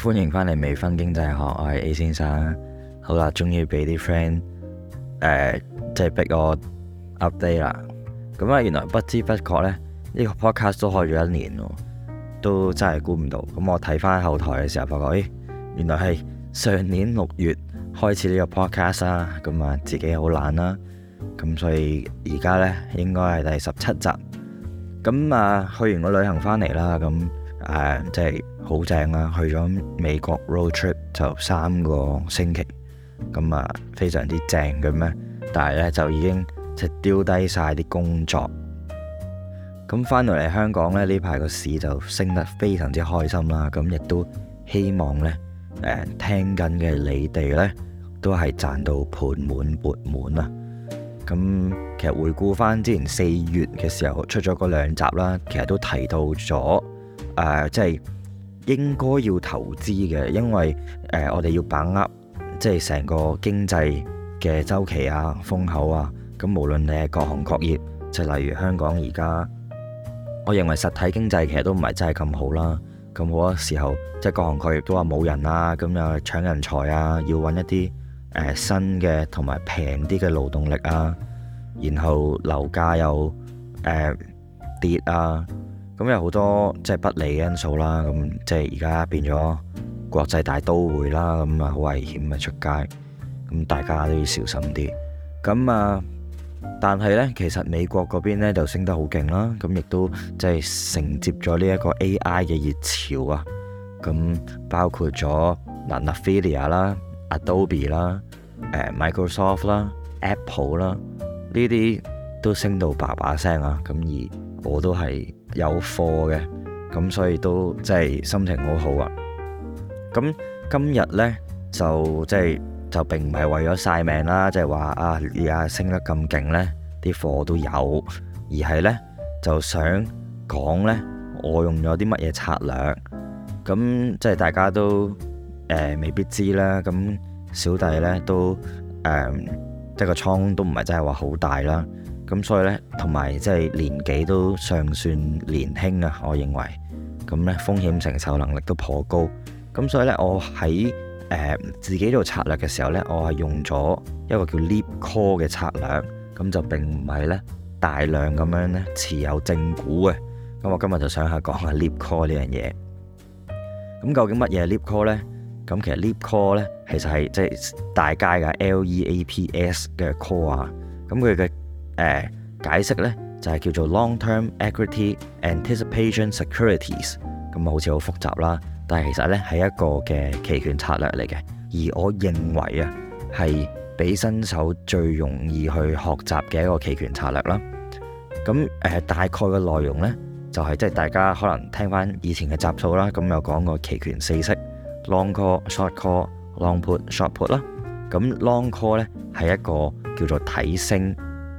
歡迎返嚟《微醺經濟學》，我係 A 先生。好啦，終於俾啲 friend 誒，即係逼我 update 啦。咁啊，原來不知不覺咧，呢個 podcast 都開咗一年喎，都真係估唔到。咁我睇翻後台嘅時候，發覺咦，原來係上年六月開始呢個 podcast 啦。咁啊，自己好懶啦，咁所以而家呢，應該係第十七集。咁啊，去完個旅行返嚟啦，咁。誒，即係好正啦！去咗美國 road trip 就三個星期，咁啊，非常之正嘅咩？但係呢，就已經即係丟低曬啲工作，咁翻到嚟香港呢，呢排個市就升得非常之開心啦。咁亦都希望呢，誒，聽緊嘅你哋呢，都係賺到盤滿缽滿啦。咁其實回顧翻之前四月嘅時候出咗個兩集啦，其實都提到咗。誒，即係、啊就是、應該要投資嘅，因為誒、呃，我哋要把握即係成個經濟嘅週期啊、風口啊。咁無論你係各行各業，就例如香港而家，我認為實體經濟其實都唔係真係咁好啦。咁好多時候，即、就、係、是、各行各業都話冇人啊，咁又搶人才啊，要揾一啲誒、呃、新嘅同埋平啲嘅勞動力啊。然後樓價又、呃、跌啊。咁有好多即係不利嘅因素啦。咁即係而家變咗國際大都會啦，咁啊好危險啊！出街咁大家都要小心啲。咁啊，但係呢，其實美國嗰邊呢就升得好勁啦。咁亦都即係承接咗呢一個 AI 嘅熱潮啊。咁包括咗 Nvidia 啦、Adobe 啦、誒 Microsoft 啦、Apple 啦呢啲都升到爸爸聲啊。咁而我都係有貨嘅，咁所以都即係心情好好啊！咁今日呢，就即係就，就並唔係為咗晒命啦，即係話啊而家，啊升得咁勁呢，啲貨都有，而係呢，就想講呢，我用咗啲乜嘢策略？咁即係大家都誒、呃、未必知啦。咁小弟呢，都誒、呃，即係個倉都唔係真係話好大啦。咁所以咧，同埋即係年紀都尚算年輕啊，我認為咁咧風險承受能力都頗高。咁所以咧，我喺誒、呃、自己度策略嘅時候咧，我係用咗一個叫 LEAP CALL 嘅策略，咁就並唔係咧大量咁樣咧持有正股嘅。咁我今日就想下講下 LEAP CALL 呢樣嘢。咁究竟乜嘢係 LEAP CALL 咧？咁其實 LEAP CALL 咧其實係即係大街嘅 L E A P S 嘅 CALL 啊。咁佢嘅解釋呢就係叫做 long-term equity anticipation securities，咁好似好複雜啦。但係其實呢係一個嘅期權策略嚟嘅，而我認為啊係俾新手最容易去學習嘅一個期權策略啦。咁誒大概嘅內容呢，就係即係大家可能聽翻以前嘅集數啦，咁又講過期權四式 long call、short call、long put、short put 啦。咁 long call 呢係一個叫做睇升。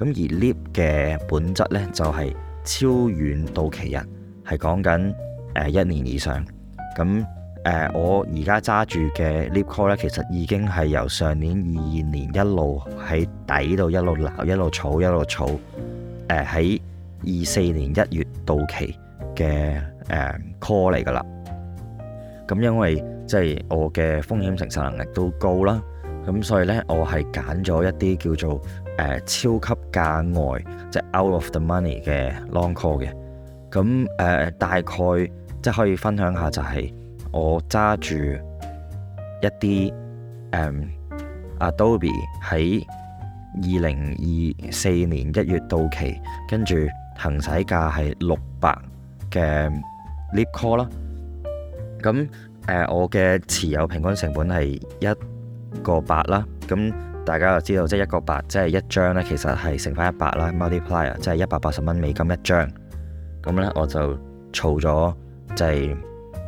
咁而 LEAP 嘅本質咧，就係、是、超遠到期日，係講緊誒一年以上。咁誒、呃，我而家揸住嘅 LEAP call 咧，其實已經係由上年二二年一路喺底度一路鬧，一路儲，一路儲。誒喺、呃、二四年一月到期嘅誒、呃、call 嚟噶啦。咁因為即係、就是、我嘅風險承受能力都高啦，咁所以咧，我係揀咗一啲叫做。超級價外，即、就、係、是、out of the money 嘅 long call 嘅，咁誒、呃、大概即係、就是、可以分享下就係我揸住一啲、um, Adobe 喺二零二四年一月到期，跟住行使價係六百嘅 leap call 啦。咁、呃、誒我嘅持有平均成本係一個八啦，咁。大家就知道，即係一個八，即係一張咧，其實係剩翻一百啦，multiplier 即係一百八十蚊美金一張。咁咧，我就儲咗即係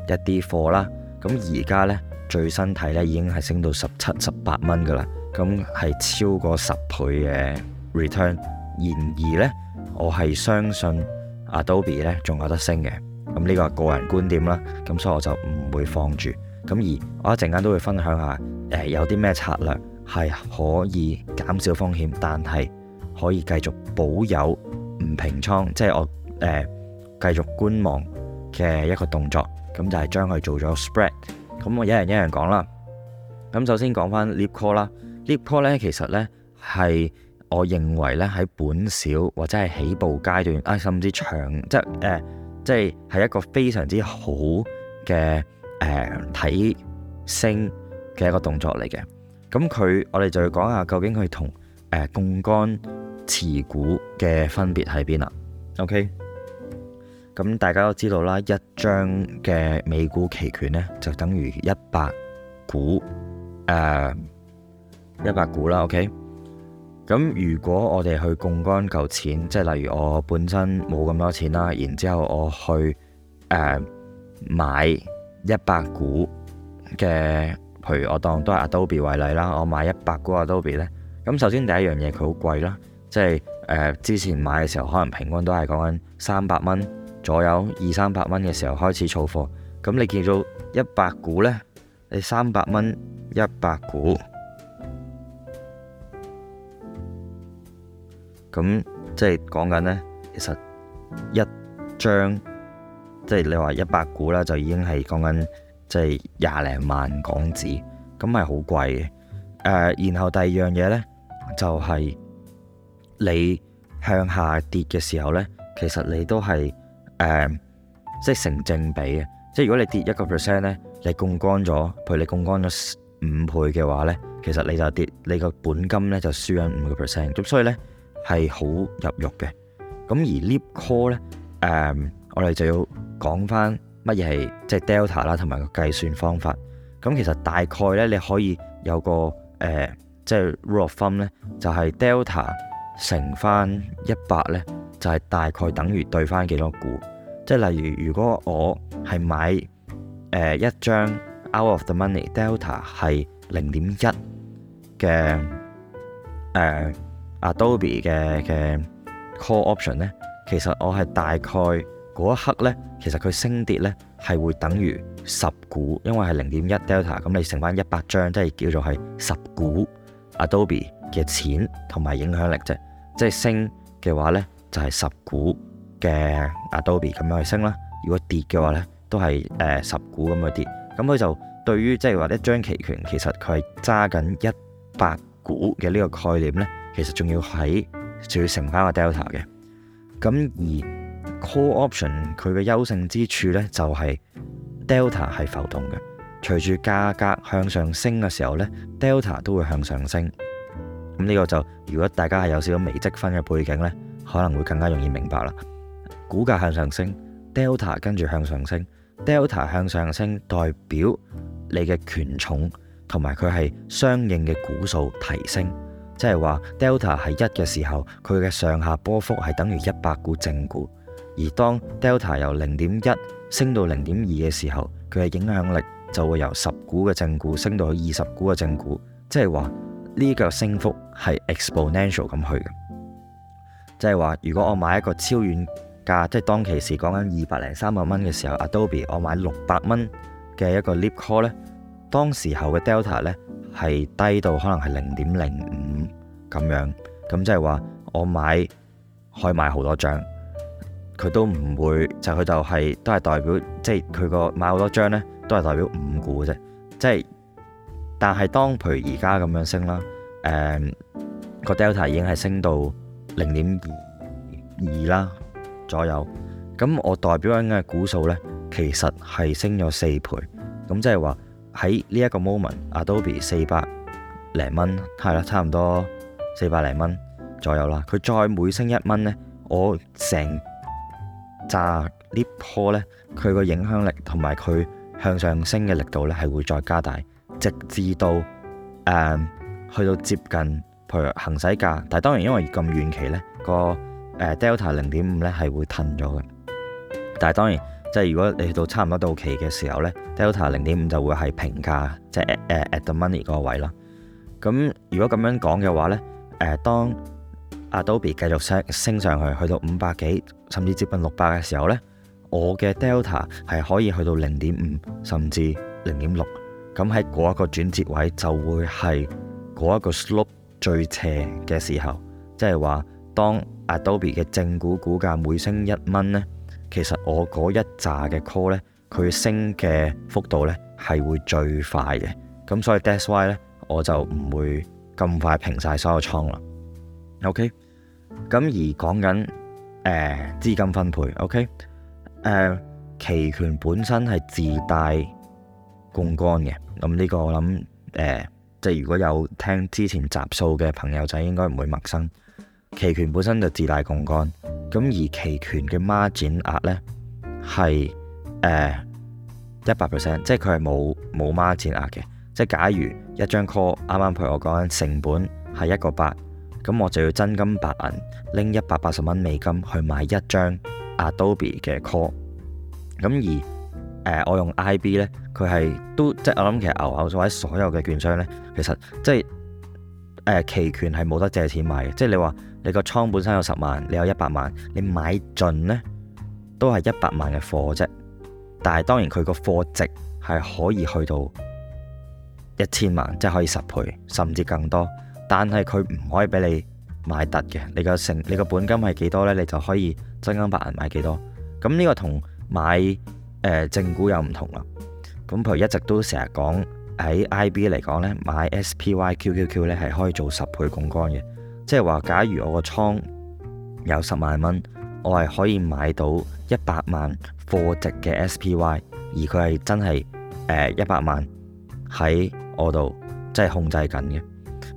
一啲貨啦。咁而家咧最新睇咧已經係升到十七、十八蚊噶啦。咁係超過十倍嘅 return。然而咧，我係相信 Adobe 咧仲有得升嘅。咁呢個係個人觀點啦。咁所以我就唔會放住。咁而我一陣間都會分享下誒有啲咩策略。係可以減少風險，但係可以繼續保有唔平倉，即、就、係、是、我誒繼、呃、續觀望嘅一個動作。咁就係將佢做咗 spread。咁我一樣一樣講啦。咁首先講返 leap call 啦。leap call 咧其實咧係我認為咧喺本小或者係起步階段啊，甚至長即係誒，即係係、呃、一個非常之好嘅誒睇升嘅一個動作嚟嘅。咁佢，我哋就要講下究竟佢同誒槓桿持股嘅分別喺邊啦。OK，咁大家都知道啦，一張嘅美股期權呢，就等於一百股誒、呃、一百股啦。OK，咁如果我哋去槓桿嚿錢，即係例如我本身冇咁多錢啦，然之後我去誒、呃、買一百股嘅。譬如我當都係 Adobe 為例啦，我買一百股 Adobe 咧，咁首先第一樣嘢佢好貴啦，即係誒、呃、之前買嘅時候可能平均都係講緊三百蚊左右，二三百蚊嘅時候開始儲貨，咁你見到一百股呢，你三百蚊一百股，咁即係講緊呢，其實一張即係你話一百股啦，就已經係講緊。即係廿零萬港紙，咁係好貴嘅。誒、呃，然後第二樣嘢咧，就係、是、你向下跌嘅時候咧，其實你都係誒、呃，即係成正比嘅。即係如果你跌一個 percent 咧，你槓桿咗，譬如你槓桿咗五倍嘅話咧，其實你就跌你個本金咧就輸緊五個 percent。咁所以咧，係好入肉嘅。咁而 Leap Call 咧，誒、呃，我哋就要講翻。乜嘢係即係 delta 啦，同埋、就係、個計算方法。咁其實大概呢，你可以有個誒，即、呃、係、就係、rule of thumb 咧，就係 delta 乘翻一百呢，就係、係就係、大概等於對翻幾多股。即、就、係、係、例如，如果我係買、呃、一張 out of the money delta 係零點一嘅誒 Adobe 嘅嘅 call option 呢，其實我係大概。嗰一刻呢，其實佢升跌呢係會等於十股，因為係零點一 delta，咁你乘翻一百張，即係叫做係十股 Adobe 嘅錢同埋影響力啫。即係升嘅話呢，就係十股嘅 Adobe 咁樣去升啦。如果跌嘅話呢，都係誒十股咁去跌。咁佢就對於即係話一張期權，其實佢係揸緊一百股嘅呢個概念呢，其實仲要喺仲要乘翻個 delta 嘅。咁而 Call option，佢嘅優勝之處呢，就係 delta 係浮動嘅。隨住價格向上升嘅時候呢，delta 都會向上升。咁呢個就如果大家係有少少微積分嘅背景呢，可能會更加容易明白啦。股價向上升，delta 跟住向上升，delta 向上升代表你嘅權重同埋佢係相應嘅股數提升，即係話 delta 係一嘅時候，佢嘅上下波幅係等於一百股正股。而當 delta 由零點一升到零點二嘅時候，佢嘅影響力就會由十股嘅正股升到去二十股嘅正股，即係話呢個升幅係 exponential 咁去嘅。即係話，如果我買一個超遠價，即係當其時講緊二百零三百蚊嘅時候，Adobe 我買六百蚊嘅一個 leap call 呢，當時候嘅 delta 呢係低到可能係零點零五咁樣，咁即係話我買可以買好多張。佢都唔會，就佢、是、就係、是、都係代表，即係佢個買好多張呢，都係代表五股嘅啫。即、就、係、是，但係當譬如而家咁樣升，嗯、升 2, 2啦，誒個 Delta 已經係升到零點二二啦左右。咁我代表緊嘅股數呢，其實係升咗四倍。咁即係話喺呢一個 moment，Adobe 四百零蚊，係啦，差唔多四百零蚊左右啦。佢再每升一蚊呢，我成就呢樖咧，佢個影響力同埋佢向上升嘅力度咧，係會再加大，直至到誒、嗯、去到接近譬如行使價。但係當然，因為咁遠期咧，這個誒 Delta 零點五咧係會褪咗嘅。但係當然，即係如果你去到差唔多到期嘅時候咧，Delta 零點五就會係平價，即、就、係、是、at, at the money 個位咯。咁如果咁樣講嘅話咧，誒、呃、當 Adobe 繼續升升上去，去到五百幾，甚至接近六百嘅時候呢，我嘅 Delta 係可以去到零點五，甚至零點六。咁喺嗰一個轉折位就會係嗰一個 slope 最斜嘅時候，即係話當 Adobe 嘅正股股價每升一蚊呢，其實我嗰一揸嘅 call 呢，佢升嘅幅度呢係會最快嘅。咁所以 That’s why 呢，我就唔會咁快平晒所有倉啦。OK。咁而講緊誒資金分配，OK？誒、呃，期權本身係自帶槓桿嘅，咁呢個我諗誒、呃，即係如果有聽之前集數嘅朋友仔，應該唔會陌生。期權本身就自帶槓桿，咁而期權嘅孖展額呢，係誒一百 percent，即係佢係冇冇孖展額嘅。即係假如一張 call 啱啱譬如我講緊成本係一個八。咁我就要真金白銀拎一百八十蚊美金去買一張 Adobe 嘅 call。咁而誒我用 IB 咧，佢係都即係我諗其實牛牛或者所有嘅券商咧，其實即係誒期權係冇得借錢買嘅。即係你話你個倉本身有十萬，你有一百萬，你買進咧都係一百萬嘅貨啫。但係當然佢個貨值係可以去到一千萬，即係可以十倍甚至更多。但係佢唔可以俾你買突嘅，你個成你個本金係幾多呢？你就可以真金白銀買幾多。咁呢個同買誒、呃、正股又唔同咯。咁譬如一直都成日講喺 IB 嚟講咧，買 SPYQQQ 咧係可以做十倍槓桿嘅，即係話假如我個倉有十萬蚊，我係可以買到一百萬貨值嘅 SPY，而佢係真係誒一百萬喺我度，即係控制緊嘅。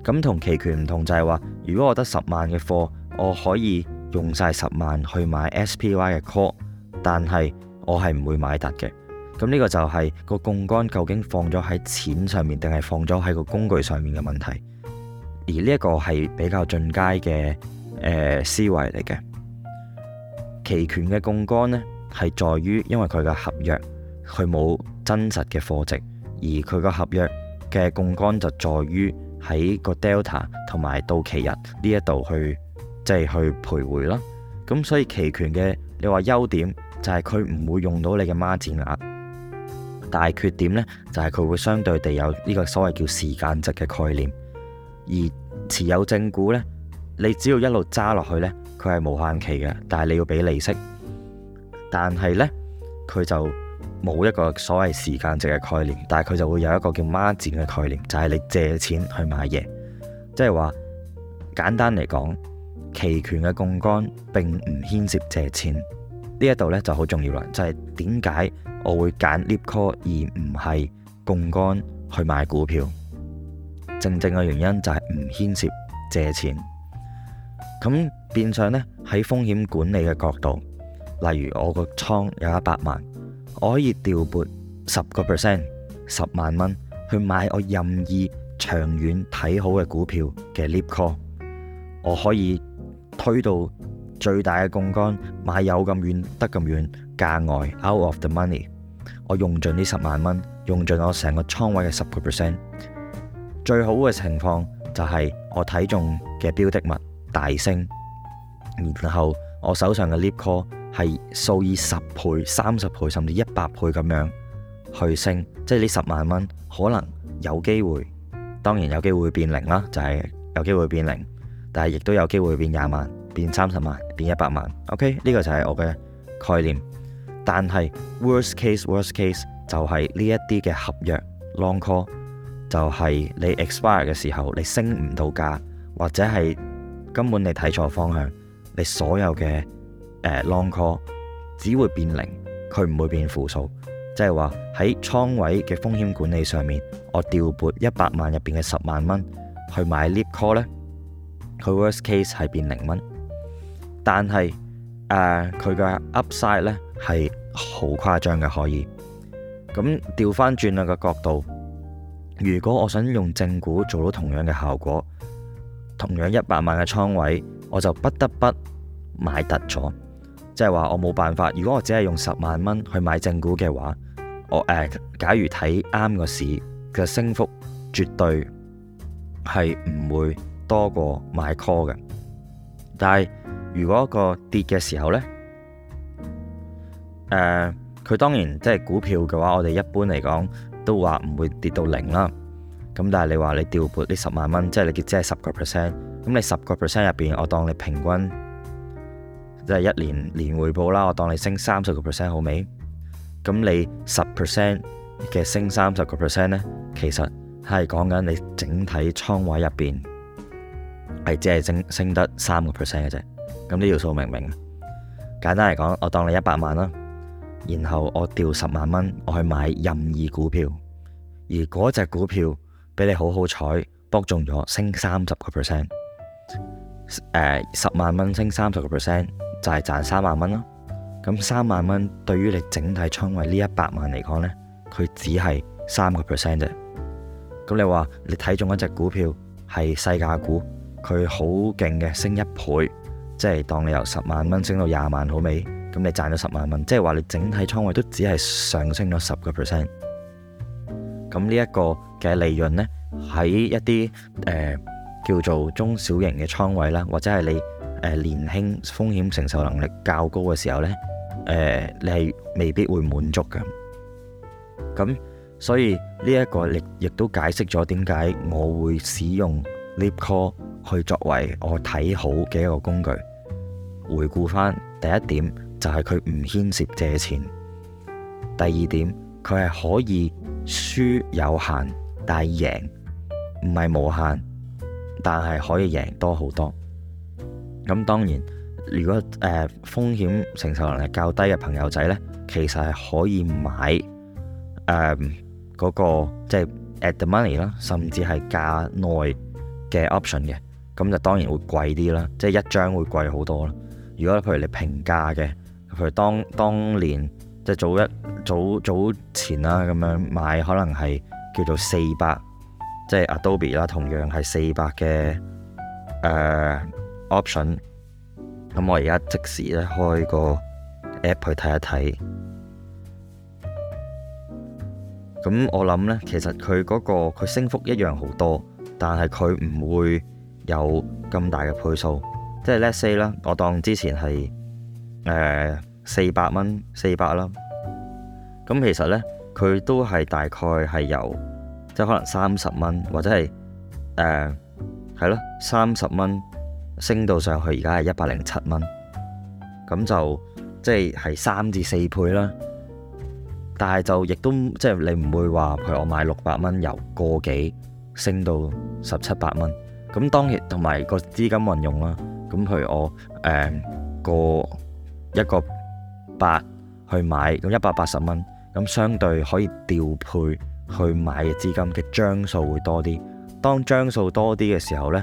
咁同期權唔同就係話，如果我得十萬嘅貨，我可以用晒十萬去買 SPY 嘅 call，但係我係唔會買突嘅。咁呢個就係個槓桿究竟放咗喺錢上面定係放咗喺個工具上面嘅問題。而呢一個係比較進階嘅誒、呃、思維嚟嘅。期權嘅槓桿呢，係在於，因為佢嘅合約佢冇真實嘅貨值，而佢個合約嘅槓桿就在於。喺個 Delta 同埋到期日呢一度去即係、就是、去徘徊啦。咁所以期權嘅你話優點就係佢唔會用到你嘅孖展額，但係缺點呢，就係、是、佢會相對地有呢個所謂叫時間值嘅概念。而持有正股呢，你只要一路揸落去呢，佢係無限期嘅，但係你要俾利息。但係呢，佢就。冇一個所謂時間值嘅概念，但係佢就會有一個叫孖展嘅概念，就係、是、你借錢去買嘢，即係話簡單嚟講，期權嘅槓桿並唔牽涉借錢呢一度呢就好重要啦。就係點解我會揀 LEAP CALL 而唔係槓桿去買股票？正正嘅原因就係唔牽涉借錢，咁變相呢，喺風險管理嘅角度，例如我個倉有一百萬。我可以調撥十個 percent 十萬蚊去買我任意長遠睇好嘅股票嘅 LEAP call 我可以推到最大嘅槓杆買有咁遠得咁遠價外 out of the money，我用盡呢十萬蚊，用盡我成個倉位嘅十個 percent，最好嘅情況就係我睇中嘅標的物大升，然後我手上嘅 LEAP call 係數以十倍、三十倍、甚至一百倍咁樣去升，即係呢十萬蚊可能有機會，當然有機會變零啦，就係有機會變零，但係亦都有機會變廿萬、變三十萬、變一百萬。OK，呢個就係我嘅概念。但係 worst case，worst case 就係呢一啲嘅合約 long call，就係你 expire 嘅時候你升唔到價，或者係根本你睇錯方向，你所有嘅。誒 long call 只會變零，佢唔會變負數，即係話喺倉位嘅風險管理上面，我調撥一百萬入邊嘅十萬蚊去買 leap call 咧，佢 worst case 係變零蚊，但係誒佢嘅 upside 咧係好誇張嘅可以。咁調翻轉去個角度，如果我想用正股做到同樣嘅效果，同樣一百萬嘅倉位，我就不得不買突咗。即係話我冇辦法，如果我只係用十萬蚊去買正股嘅話，我誒、呃，假如睇啱個市，其實升幅絕對係唔會多過買 call 嘅。但係如果個跌嘅時候呢，誒、呃，佢當然即係股票嘅話，我哋一般嚟講都話唔會跌到零啦。咁但係你話你調撥呢十萬蚊，即係你只係十個 percent，咁你十個 percent 入邊，我當你平均。即係一年年回報啦，我當你升三十個 percent 好未？咁你十 percent 嘅升三十個 percent 咧，其實係講緊你整體倉位入邊係只係升升得三個 percent 嘅啫。咁呢條數明唔明？簡單嚟講，我當你一百萬啦，然後我掉十萬蚊我去買任意股票，而嗰隻股票俾你好好彩，博中咗升三十個 percent。誒、呃，十萬蚊升三十個 percent。就係賺三萬蚊咯，咁三萬蚊對於你整體倉位呢一百萬嚟講呢，佢只係三個 percent 啫。咁你話你睇中一隻股票係細價股，佢好勁嘅升一倍，即係當你由十萬蚊升到廿萬好未？咁你賺咗十萬蚊，即係話你整體倉位都只係上升咗十個 percent。咁呢一個嘅利潤呢，喺一啲誒、呃、叫做中小型嘅倉位啦，或者係你，年輕風險承受能力較高嘅時候呢、呃，你係未必會滿足嘅。咁所以呢一個亦亦都解釋咗點解我會使用 LEAP CALL 去作為我睇好嘅一個工具。回顧翻第一點就係佢唔牽涉借錢。第二點佢係可以輸有限，但係贏唔係無限，但係可以贏多好多。咁當然，如果誒、呃、風險承受能力較低嘅朋友仔呢，其實係可以買誒嗰、呃那個即係 at the money 啦，甚至係價內嘅 option 嘅，咁就當然會貴啲啦，即、就、係、是、一張會貴好多啦。如果譬如你平價嘅，譬如當當年即係、就是、早一早早前啦、啊、咁樣買，可能係叫做四百，即係 Adobe 啦，同樣係四百嘅誒。呃 option 咁，我而家即時咧開個 app 去睇一睇。咁我諗呢，其實佢嗰個佢升幅一樣好多，但係佢唔會有咁大嘅倍數。即係 let's say 啦，我當之前係誒四百蚊，四百啦。咁其實呢，佢都係大概係有即係可能三十蚊，或者係誒係咯三十蚊。呃升到上去而家係一百零七蚊，咁就即係三至四倍啦。但係就亦都即係你唔會話，譬如我買六百蚊，由個幾升到十七八蚊。咁當然同埋個資金運用啦。咁譬如我誒個、呃、一個八去買，咁一百八十蚊，咁相對可以調配去買嘅資金嘅張數會多啲。當張數多啲嘅時候呢，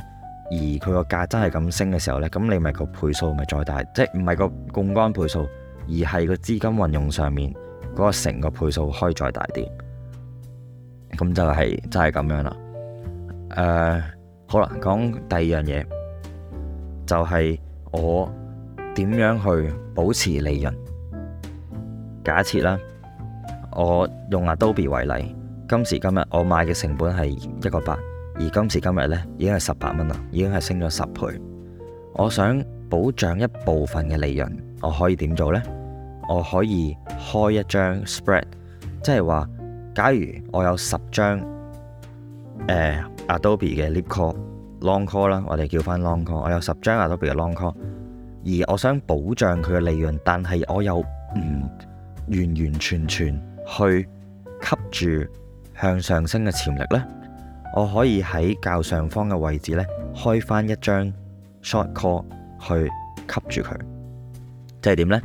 而佢個價真係咁升嘅時候呢，咁你咪個倍數咪再大，即係唔係個槓桿倍數，而係個資金運用上面嗰、那個成個倍數可以再大啲，咁就係真係咁樣啦、呃。好啦，講第二樣嘢，就係、是、我點樣去保持利潤。假設啦，我用下 Adobe 為例，今時今日我買嘅成本係一個八。而今時今日咧，已經係十八蚊啦，已經係升咗十倍。我想保障一部分嘅利潤，我可以點做呢？我可以開一張 spread，即係話，假如我有十張、呃、Adobe 嘅 Leap Call Long Call 啦，我哋叫翻 Long Call，我有十張 Adobe 嘅 Long Call，而我想保障佢嘅利潤，但係我又唔完完全全去吸住向上升嘅潛力呢。我可以喺較上方嘅位置咧，開翻一張 short call 去吸住佢，即係點呢？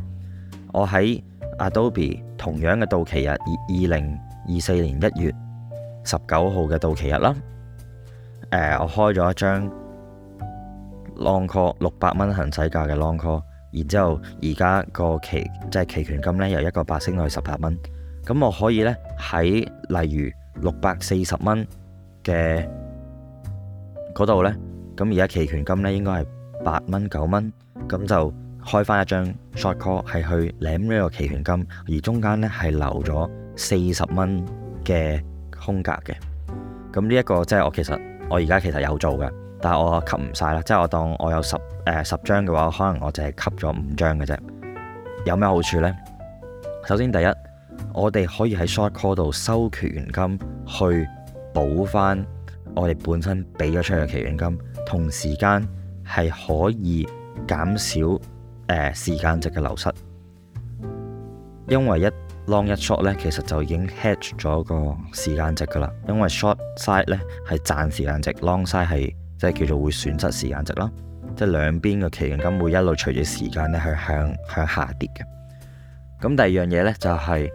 我喺 Adobe 同樣嘅到期日二零二四年一月十九號嘅到期日啦、呃。我開咗一張 long call 六百蚊行使價嘅 long call，然之後而家個期即係、就是、期權金咧，由一個八升到去十八蚊。咁我可以咧喺例如六百四十蚊嘅嗰度呢，咁而家期權金呢應該係八蚊九蚊，咁就開翻一張 short call 係去領呢個期權金，而中間呢係留咗四十蚊嘅空格嘅。咁呢一個即係我其實我而家其實有做嘅，但係我吸唔晒啦，即係我當我有十誒、呃、十張嘅話，可能我就係吸咗五張嘅啫。有咩好處呢？首先第一，我哋可以喺 short call 度收權金去。補翻我哋本身俾咗出去嘅期權金，同時間係可以減少誒時間值嘅流失，因為一 long 一 short 咧，其實就已經 hedge 咗個時間值㗎啦。因為 short side 咧係賺時間值，long side 係即係叫做會損失時間值啦。即係兩邊嘅期權金會一路隨住時間咧去向向下跌嘅。咁第二樣嘢咧就係、是。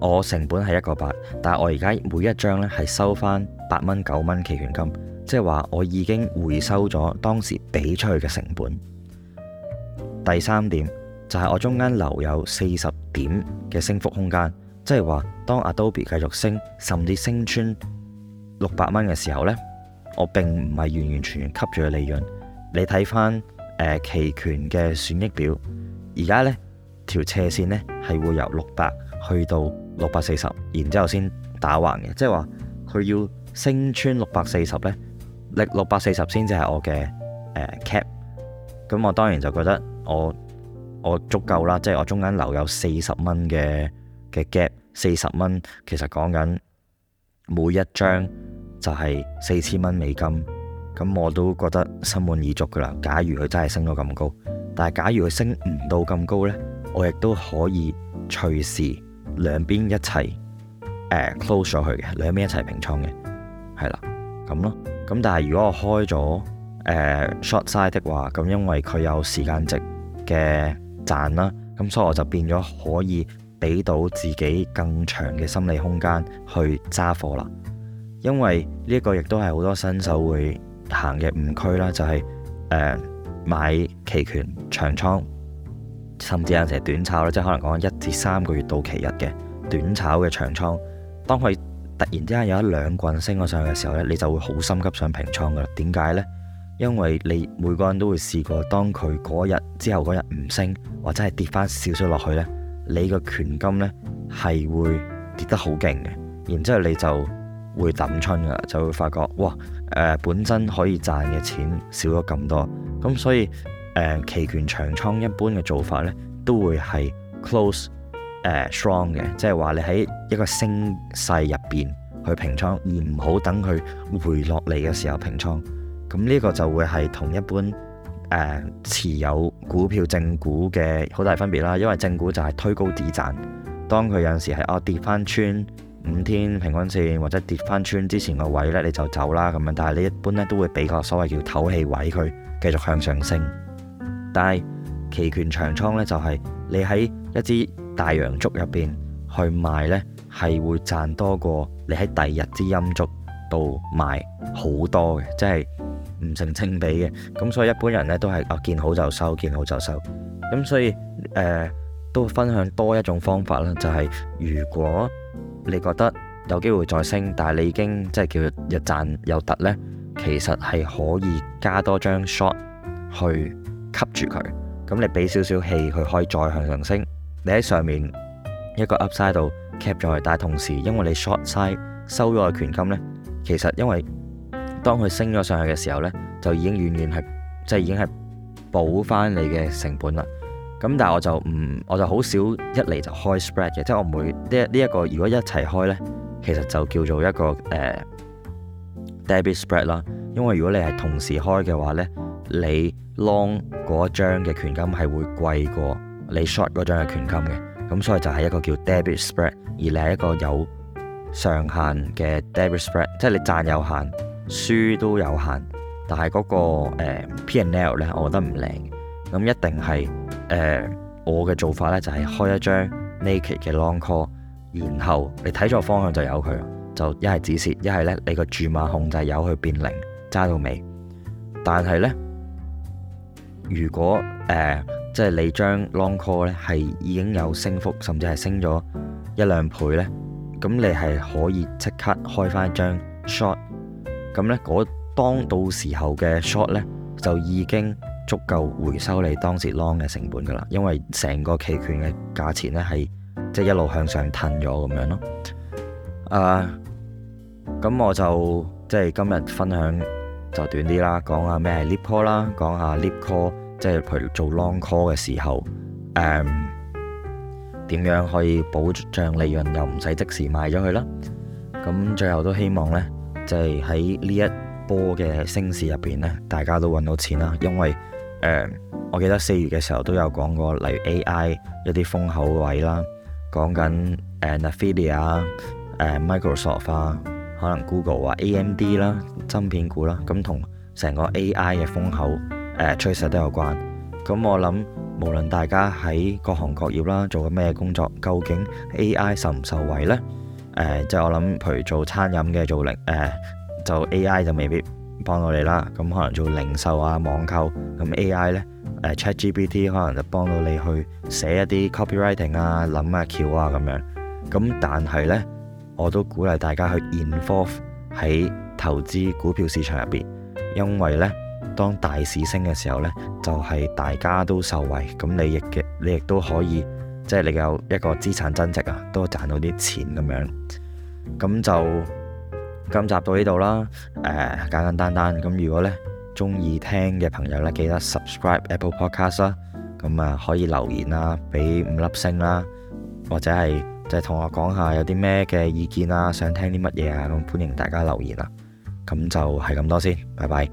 我成本係一個八，但係我而家每一張咧係收翻八蚊九蚊期權金，即係話我已經回收咗當時俾出去嘅成本。第三點就係我中間留有四十點嘅升幅空間，即係話當 Adobe 繼續升，甚至升穿六百蚊嘅時候呢，我並唔係完完全全吸住嘅利潤。你睇翻、呃、期權嘅損益表，而家呢條斜線呢係會由六百。去到六百四十，然之後先打橫嘅，即係話佢要升穿六百四十呢，力六百四十先至係我嘅誒 cap。咁我當然就覺得我我足夠啦，即係我中間留有四十蚊嘅嘅 gap，四十蚊其實講緊每一張就係四千蚊美金。咁我都覺得心滿意足噶啦。假如佢真係升到咁高，但係假如佢升唔到咁高呢，我亦都可以隨時。兩邊一齊，誒、uh, close 咗佢嘅，兩邊一齊平倉嘅，係啦，咁咯，咁但係如果我開咗誒、uh, short side 的話，咁因為佢有時間值嘅賺啦，咁所以我就變咗可以俾到自己更長嘅心理空間去揸貨啦，因為呢一個亦都係好多新手會行嘅誤區啦，就係、是、誒、uh, 買期權長倉。甚至有時係短炒咧，即係可能講一至三個月到期日嘅短炒嘅長倉，當佢突然之間有一兩個人升咗上去嘅時候，呢你就會好心急想平倉噶啦。點解呢？因為你每個人都會試過，當佢嗰日之後嗰日唔升，或者係跌翻少少落去，呢你嘅權金呢係會跌得好勁嘅。然之後你就會抌春噶啦，就會發覺哇誒、呃，本身可以賺嘅錢少咗咁多，咁所以。誒，期權長倉一般嘅做法咧，都會係 close 誒、呃、strong 嘅，即係話你喺一個升勢入邊去平倉，而唔好等佢回落嚟嘅時候平倉。咁呢個就會係同一般誒、呃、持有股票正股嘅好大分別啦。因為正股就係推高止賺，當佢有陣時係哦跌翻穿五天平均線或者跌翻穿之前個位咧，你就走啦咁樣。但係你一般咧都會俾個所謂叫唞氣位佢繼續向上升。但係期權長倉咧，就係、是、你喺一支大陽燭入邊去賣咧，係會賺多過你喺第二支陰燭度賣好多嘅，即係唔成正比嘅。咁所以一般人咧都係啊見好就收，見好就收。咁所以誒、呃、都分享多一種方法啦，就係、是、如果你覺得有機會再升，但係你已經即係叫日賺有突呢，其實係可以加多張 shot 去。吸住佢，咁你俾少少氣佢可以再向上升。你喺上面一個 Upside 度 cap 咗住，但係同時因為你 short side 收咗個權金呢，其實因為當佢升咗上去嘅時候呢，就已經遠遠係即係已經係補翻你嘅成本啦。咁但係我就唔我就好少一嚟就開 spread 嘅，即係我唔會呢呢一個如果一齊開呢，其實就叫做一個誒、uh, debit spread 啦。因為如果你係同時開嘅話呢。你 long 嗰一張嘅權金係會貴過你 short 嗰張嘅權金嘅，咁所以就係一個叫 debit spread，而另一個有上限嘅 debit spread，即係你賺有限，輸都有限，但係嗰、那個、呃、PnL 咧，我覺得唔靚。咁一定係誒、呃、我嘅做法咧，就係、是、開一張 naked 嘅 long call，然後你睇咗個方向就有佢，就一係止蝕，一係咧你個注碼控制由佢變零揸到尾，但係咧。如果誒，即、呃、係、就是、你將 long call 咧，係已經有升幅，甚至係升咗一兩倍咧，咁你係可以即刻開翻一張 short，咁咧嗰當到時候嘅 short 咧，就已經足夠回收你當時 long 嘅成本噶啦，因為成個期權嘅價錢咧係即係一路向上騰咗咁樣咯。誒、呃，咁我就即係、就是、今日分享就短啲啦，講下咩 LEAP call 啦，講下 LEAP call。即係譬如做 long call 嘅時候，誒、um, 點樣可以保障利潤又唔使即時賣咗佢啦？咁最後都希望呢，就係喺呢一波嘅升市入邊呢，大家都揾到錢啦。因為、um, 我記得四月嘅時候都有講過，例如 AI 一啲風口位啦，講緊 Nvidia 啊、Microsoft 啊、可能 Google 啊、AMD 啦、芯片股啦，咁同成個 AI 嘅風口。誒趨勢都有關，咁我諗無論大家喺各行各業啦，做緊咩工作，究竟 AI 受唔受惠呢？誒、呃，即係我諗，譬如做餐飲嘅，做零誒、呃，就 AI 就未必幫到你啦。咁可能做零售啊、網購，咁 AI 呢誒 ChatGPT、啊、可能就幫到你去寫一啲 copywriting 啊、諗下橋啊咁樣。咁但係呢，我都鼓勵大家去 involve 喺投資股票市場入邊，因為呢，當大市升嘅時候咧，就係大家都受惠，咁你亦嘅你亦都可以，即係你有一個資產增值啊，都賺到啲錢咁樣，咁就今集到呢度啦。誒，簡簡單單咁，如果咧中意聽嘅朋友咧，記得 subscribe Apple Podcast 啦，咁啊可以留言啦，俾五粒星啦，或者係就係同我講下有啲咩嘅意見啊，想聽啲乜嘢啊，咁歡迎大家留言啊，咁就係咁多先，拜拜。